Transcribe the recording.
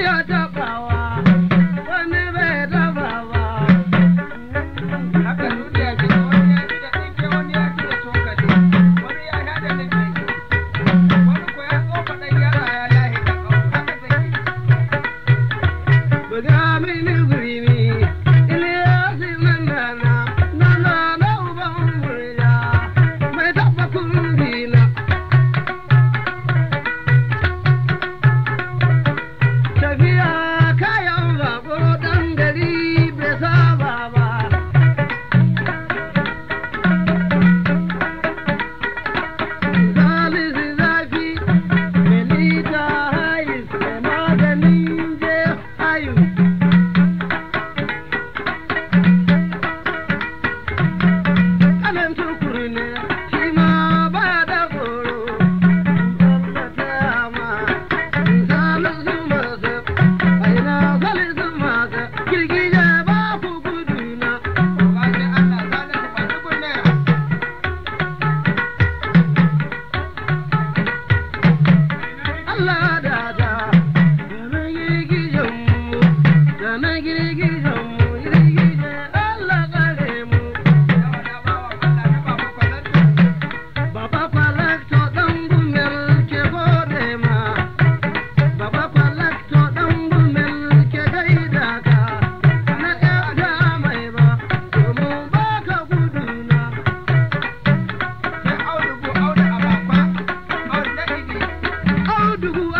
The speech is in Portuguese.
ya jaba do